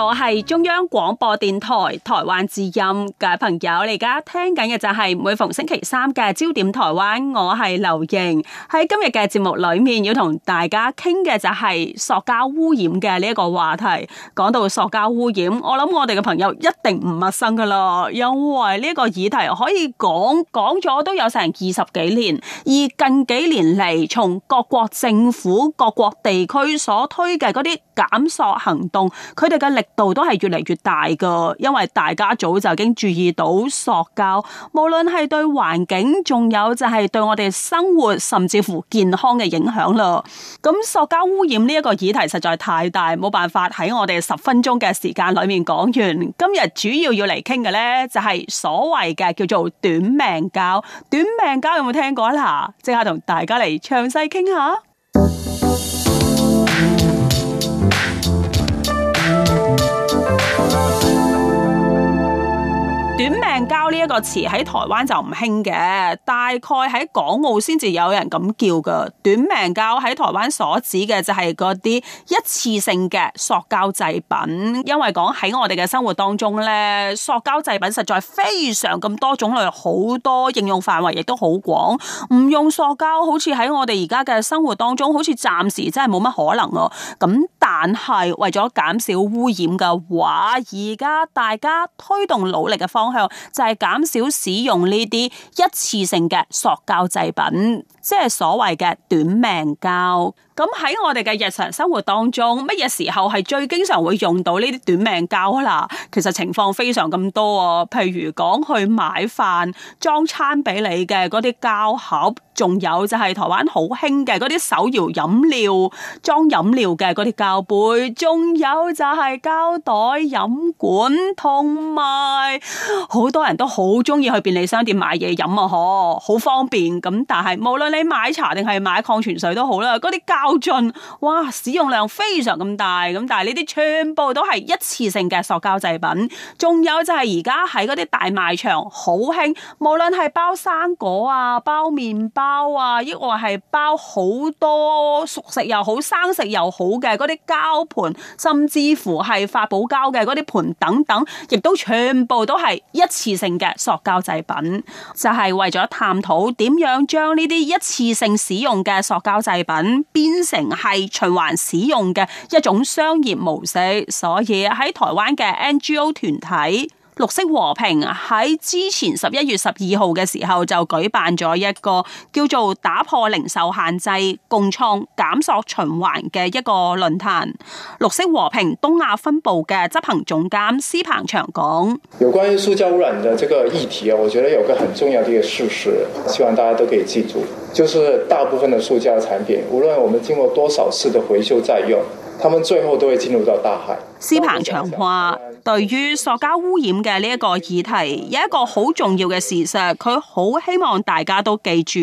我係中央廣播電台台灣之音嘅朋友，你而家聽緊嘅就係每逢星期三嘅焦點台灣，我係劉瑩，喺今日嘅節目裏面要同大家傾嘅就係塑膠污染嘅呢一個話題。講到塑膠污染，我諗我哋嘅朋友一定唔陌生噶咯，因為呢個議題可以講講咗都有成二十幾年，而近幾年嚟，從各國政府、各國地區所推嘅嗰啲減塑行動，佢哋嘅力力度都係越嚟越大噶，因為大家早就已經注意到塑膠，無論係對環境，仲有就係對我哋生活，甚至乎健康嘅影響啦。咁塑膠污染呢一個議題實在太大，冇辦法喺我哋十分鐘嘅時間裏面講完。今日主要要嚟傾嘅呢，就係、是、所謂嘅叫做短命膠。短命膠有冇聽過啦？即刻同大家嚟詳細傾下。短命膠呢一個詞喺台灣就唔興嘅，大概喺港澳先至有人咁叫噶。短命膠喺台灣所指嘅就係嗰啲一次性嘅塑膠製品，因為講喺我哋嘅生活當中呢，塑膠製品實在非常咁多種類很多很，好多應用範圍亦都好廣。唔用塑膠，好似喺我哋而家嘅生活當中，好似暫時真係冇乜可能咯。咁但係為咗減少污染嘅話，而家大家推動努力嘅方向就係減少使用呢啲一次性嘅塑膠製品。即係所謂嘅短命膠，咁喺我哋嘅日常生活當中，乜嘢時候係最經常會用到呢啲短命膠啦？其實情況非常咁多，譬如講去買飯裝餐俾你嘅嗰啲膠盒，仲有就係台灣好興嘅嗰啲手搖飲料裝飲料嘅嗰啲膠杯，仲有就係膠袋飲管同埋好多人都好中意去便利商店買嘢飲啊，嗬好方便。咁但係無論你買茶定係買礦泉水都好啦，嗰啲膠樽，哇，使用量非常咁大。咁但係呢啲全部都係一次性嘅塑膠製品。仲有就係而家喺嗰啲大賣場好興，無論係包生果啊、包麵包啊，抑或係包好多熟食又好、生食又好嘅嗰啲膠盤，甚至乎係發泡膠嘅嗰啲盤。等等，亦都全部都係一次性嘅塑膠製品，就係、是、為咗探討點樣將呢啲一次性使用嘅塑膠製品變成係循環使用嘅一種商業模式，所以喺台灣嘅 NGO 團體。綠色和平喺之前十一月十二號嘅時候就舉辦咗一個叫做打破零售限制、共創減塑循環嘅一個論壇。綠色和平東亞分部嘅執行總監施鵬翔講：，有關於塑膠污染嘅這個議題啊，我覺得有個很重要嘅一個事實，希望大家都可以記住，就是大部分的塑膠產品，無論我們經過多少次的回收再用。他們最後都會進入到大海。施鵬長話，對於塑膠污染嘅呢一個議題，有一個好重要嘅事實，佢好希望大家都記住，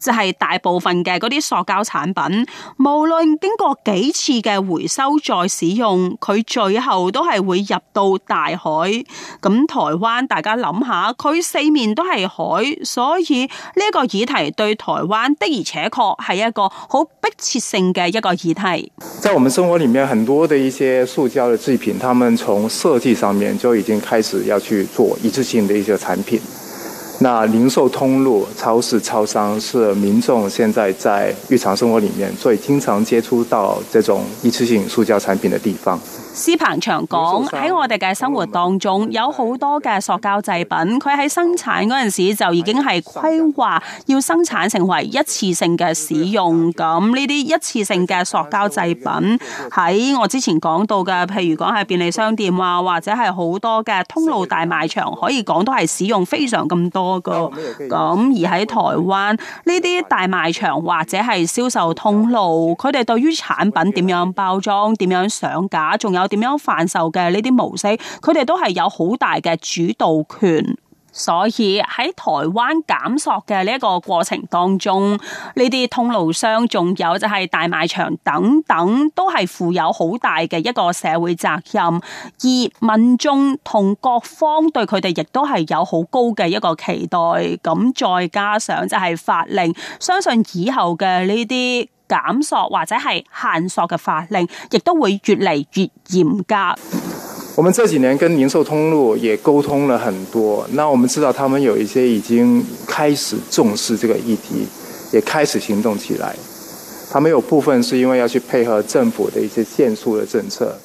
就係、是、大部分嘅嗰啲塑膠產品，無論經過幾次嘅回收再使用，佢最後都係會入到大海。咁台灣，大家諗下，佢四面都係海，所以呢個議題對台灣的而且確係一個好迫切性嘅一個議題。在我們生活。裏面很多的一些塑膠的製品，他們從設計上面就已經開始要去做一次性的一些產品。那零售通路、超市、超商是民眾現在在日常生活裏面最經常接觸到這種一次性塑膠產品的地方。施鵬翔講，喺我哋嘅生活當中，有好多嘅塑膠製品，佢喺生產陣時候就已經係規劃要生產成為一次性嘅使用。咁呢啲一次性嘅塑膠製品，喺我之前講到嘅，譬如講係便利商店啊，或者係好多嘅通路大賣場，可以講都係使用非常咁多噶。咁而喺台灣呢啲大賣場或者係銷售通路，佢哋對於產品點樣包裝、點樣上架，仲有。點樣販售嘅呢啲模式，佢哋都係有好大嘅主導權，所以喺台灣減塑嘅呢一個過程當中，呢啲通路商，仲有就係大賣場等等，都係負有好大嘅一個社會責任，而民眾同各方對佢哋亦都係有好高嘅一個期待，咁再加上就係法令，相信以後嘅呢啲。減塑或者係限塑嘅法令，亦都會越嚟越嚴格。我們這幾年跟零售通路也溝通了很多，那我們知道他們有一些已經開始重視這個議題，也開始行動起來。他們有部分是因為要去配合政府的一些限塑嘅政策。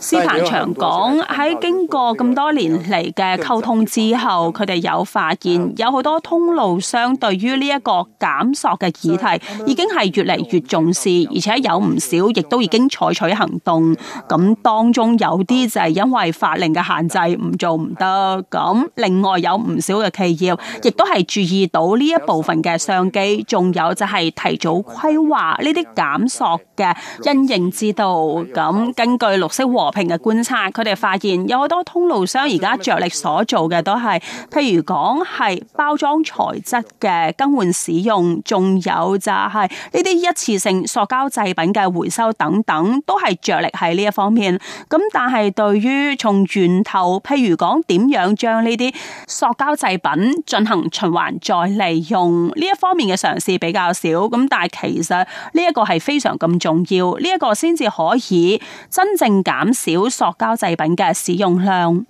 施鵬翔講喺經過咁多年嚟嘅溝通之後，佢哋有發現有好多通路商對於呢一個減塑嘅議題，已經係越嚟越重視，而且有唔少亦都已經採取行動。咁當中有啲就係因為法令嘅限制唔做唔得，咁另外有唔少嘅企業亦都係注意到呢一部分嘅商機，仲有就係提早規劃呢啲減塑嘅因應之道。咁根據綠色和平嘅觀察，佢哋發現有好多通路商而家着力所做嘅都係，譬如講係包裝材質嘅更換使用，仲有就係呢啲一次性塑膠製品嘅回收等等，都係着力喺呢一方面。咁但係對於從源頭，譬如講點樣將呢啲塑膠製品進行循環再利用呢一方面嘅嘗試比較少。咁但係其實呢一個係非常咁重要，呢一個先至可以真正減少。少塑膠製品嘅使用量。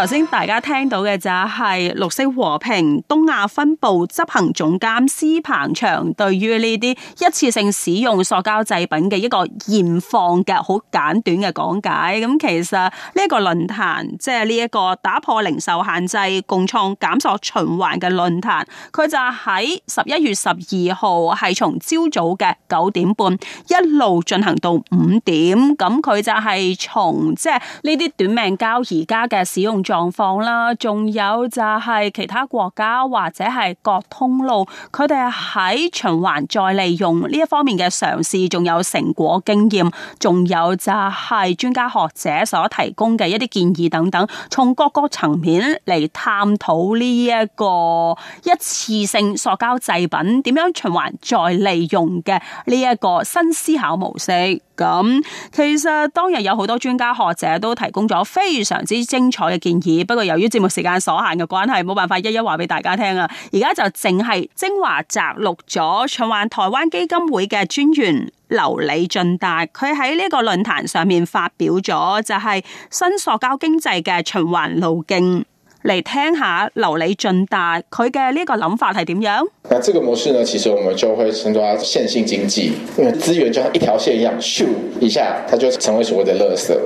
頭先大家聽到嘅就係綠色和平東亞分部執行總監施鵬翔對於呢啲一次性使用塑膠製品嘅一個現況嘅好簡短嘅講解。咁其實呢個論壇即係呢一個打破零售限制，共創減塑循環嘅論壇，佢就喺十一月十二號係從朝早嘅九點半一路進行到五點，咁佢就係從即係呢啲短命膠而家嘅使用。狀況啦，仲有就係其他國家或者係各通路，佢哋喺循環再利用呢一方面嘅嘗試，仲有成果經驗，仲有就係專家學者所提供嘅一啲建議等等，從各個層面嚟探討呢一個一次性塑膠製品點樣循環再利用嘅呢一個新思考模式。咁其實當日有好多專家學者都提供咗非常之精彩嘅建議，不過由於節目時間所限嘅關係，冇辦法一一話俾大家聽啊！而家就淨係精華摘錄咗循環台灣基金會嘅專員劉李俊達，佢喺呢個論壇上面發表咗，就係新塑膠經濟嘅循環路徑。嚟聽一下劉李俊大佢嘅呢個諗法係點樣？嗱，這個模式呢，其實我們就會稱作係線性經濟，因為資源就像一條線一樣，咻一下，它就成為所謂的垃圾。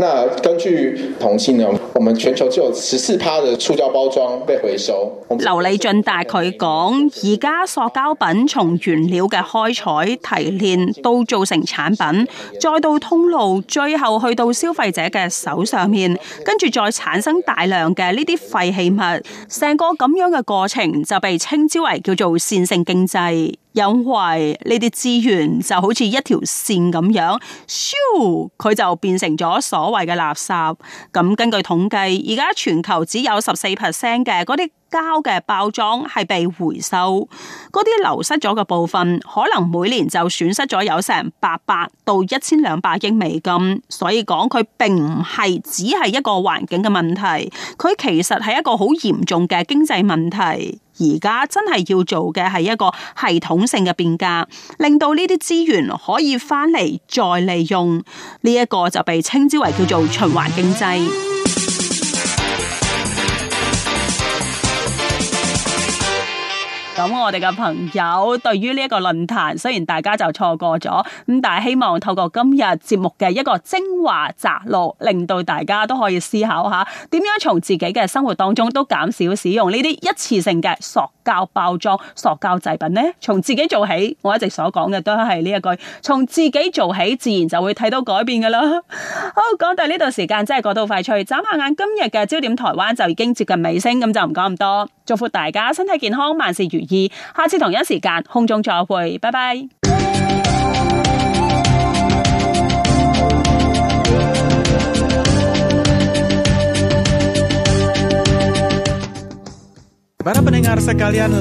那根據統計呢，我們全球只有十四趴的塑膠包裝被回收。劉利俊大概講，而家塑膠品從原料嘅開採提煉到做成產品，再到通路，最後去到消費者嘅手上面，跟住再產生大量嘅呢啲廢棄物，成個咁樣嘅過程就被稱之為叫做線性經濟，因為呢啲資源就好似一條線咁樣咻，佢就變成咗所。所謂嘅垃圾，咁根據統計，而家全球只有十四 percent 嘅嗰啲膠嘅包裝係被回收，嗰啲流失咗嘅部分，可能每年就損失咗有成八百到一千兩百億美金，所以講佢並唔係只係一個環境嘅問題，佢其實係一個好嚴重嘅經濟問題。而家真係要做嘅係一個系統性嘅變革，令到呢啲資源可以翻嚟再利用，呢一個就被稱之為叫做循環經濟。咁我哋嘅朋友對於呢一個論壇雖然大家就錯過咗，咁但係希望透過今日節目嘅一個精華摘錄令到大家都可以思考下，點樣從自己嘅生活當中都減少使用呢啲一次性嘅塑膠包裝塑膠製品呢，從自己做起，我一直所講嘅都係呢一句，從自己做起，自然就會睇到改變噶啦。好，講到呢段時間真係過到快脆眨下眼今日嘅焦點台灣就已經接近尾聲，咁就唔講咁多，祝福大家身體健康，萬事如下次同一時間空中再會，拜拜。不如聽下先，各位聽。